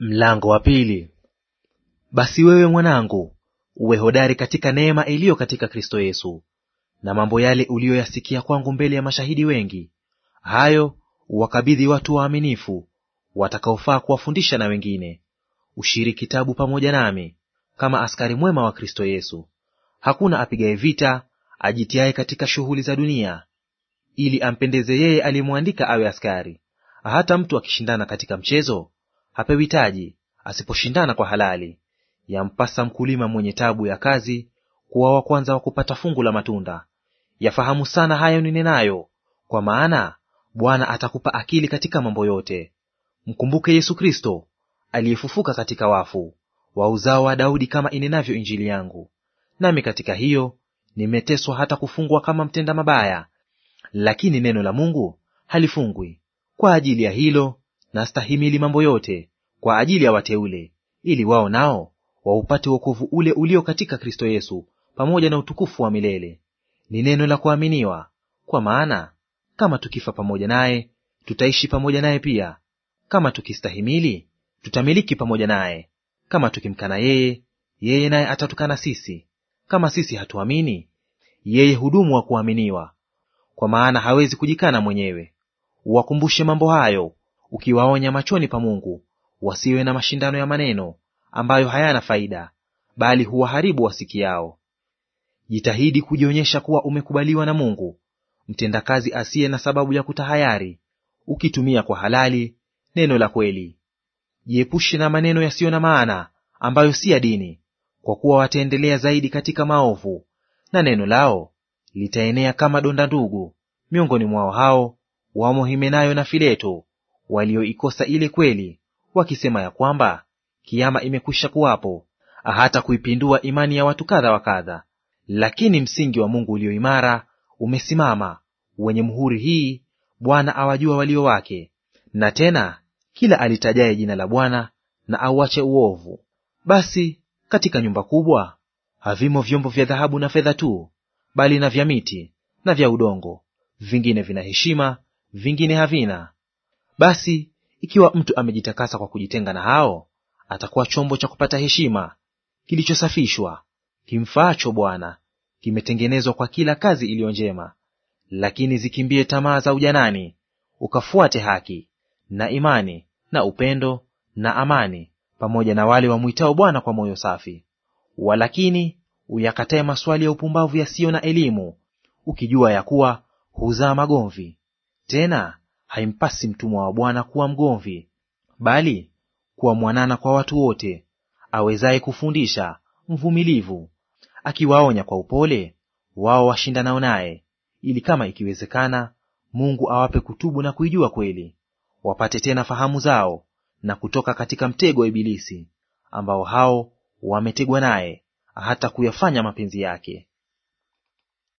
Mlango wa pili. Basi wewe mwanangu, uwe hodari katika neema iliyo katika Kristo Yesu. Na mambo yale uliyoyasikia kwangu mbele ya mashahidi wengi, hayo uwakabidhi watu waaminifu, watakaofaa kuwafundisha na wengine. Ushiri kitabu pamoja nami, kama askari mwema wa Kristo Yesu. Hakuna apigaye vita ajitiaye katika shughuli za dunia, ili ampendeze yeye aliyemwandika awe askari. Hata mtu akishindana katika mchezo hapewi taji asiposhindana kwa halali. Yampasa mkulima mwenye tabu ya kazi kuwa wa kwanza wa kupata fungu la matunda. Yafahamu sana hayo ninenayo, kwa maana Bwana atakupa akili katika mambo yote. Mkumbuke Yesu Kristo aliyefufuka katika wafu, wa uzao wa Daudi, kama inenavyo Injili yangu. Nami katika hiyo nimeteswa hata kufungwa kama mtenda mabaya, lakini neno la Mungu halifungwi. Kwa ajili ya hilo nastahimili mambo yote, kwa ajili ya wateule, ili wao nao waupate wokovu ule ulio katika Kristo Yesu pamoja na utukufu wa milele. Ni neno la kuaminiwa. Kwa maana kama tukifa pamoja naye, tutaishi pamoja naye pia; kama tukistahimili, tutamiliki pamoja naye; kama tukimkana yeye, yeye naye atatukana sisi; kama sisi hatuamini, yeye hudumu wa kuaminiwa, kwa maana hawezi kujikana mwenyewe. Uwakumbushe mambo hayo, ukiwaonya machoni pa Mungu, wasiwe na mashindano ya maneno ambayo hayana faida, bali huwaharibu wasikiao. Jitahidi kujionyesha kuwa umekubaliwa na Mungu, mtendakazi asiye na sababu ya kutahayari, ukitumia kwa halali neno la kweli. Jiepushe na maneno yasiyo na maana ambayo si ya dini, kwa kuwa wataendelea zaidi katika maovu, na neno lao litaenea kama donda ndugu. Miongoni mwao hao wamo Himenayo na Fileto, walioikosa ile kweli wakisema ya kwamba kiama imekwisha kuwapo, hata kuipindua imani ya watu kadha wa kadha. Lakini msingi wa Mungu ulio imara umesimama, wenye muhuri hii, Bwana awajua walio wake. Na tena kila alitajaye jina la Bwana na auache uovu. Basi katika nyumba kubwa havimo vyombo vya dhahabu na fedha tu, bali na vya miti na vya udongo; vingine vina heshima, vingine havina. Basi ikiwa mtu amejitakasa kwa kujitenga na hao, atakuwa chombo cha kupata heshima, kilichosafishwa, kimfaacho Bwana, kimetengenezwa kwa kila kazi iliyo njema. Lakini zikimbie tamaa za ujanani, ukafuate haki na imani na upendo na amani, pamoja na wale wamwitao Bwana kwa moyo safi. Walakini uyakatae maswali ya upumbavu yasiyo na elimu, ukijua ya kuwa huzaa magomvi. Tena haimpasi mtumwa wa Bwana kuwa mgomvi, bali kuwa mwanana kwa watu wote, awezaye kufundisha, mvumilivu, akiwaonya kwa upole wao washindanao naye, ili kama ikiwezekana Mungu awape kutubu na kuijua kweli, wapate tena fahamu zao na kutoka katika mtego wa Ibilisi, ambao hao wametegwa naye, hata kuyafanya mapenzi yake.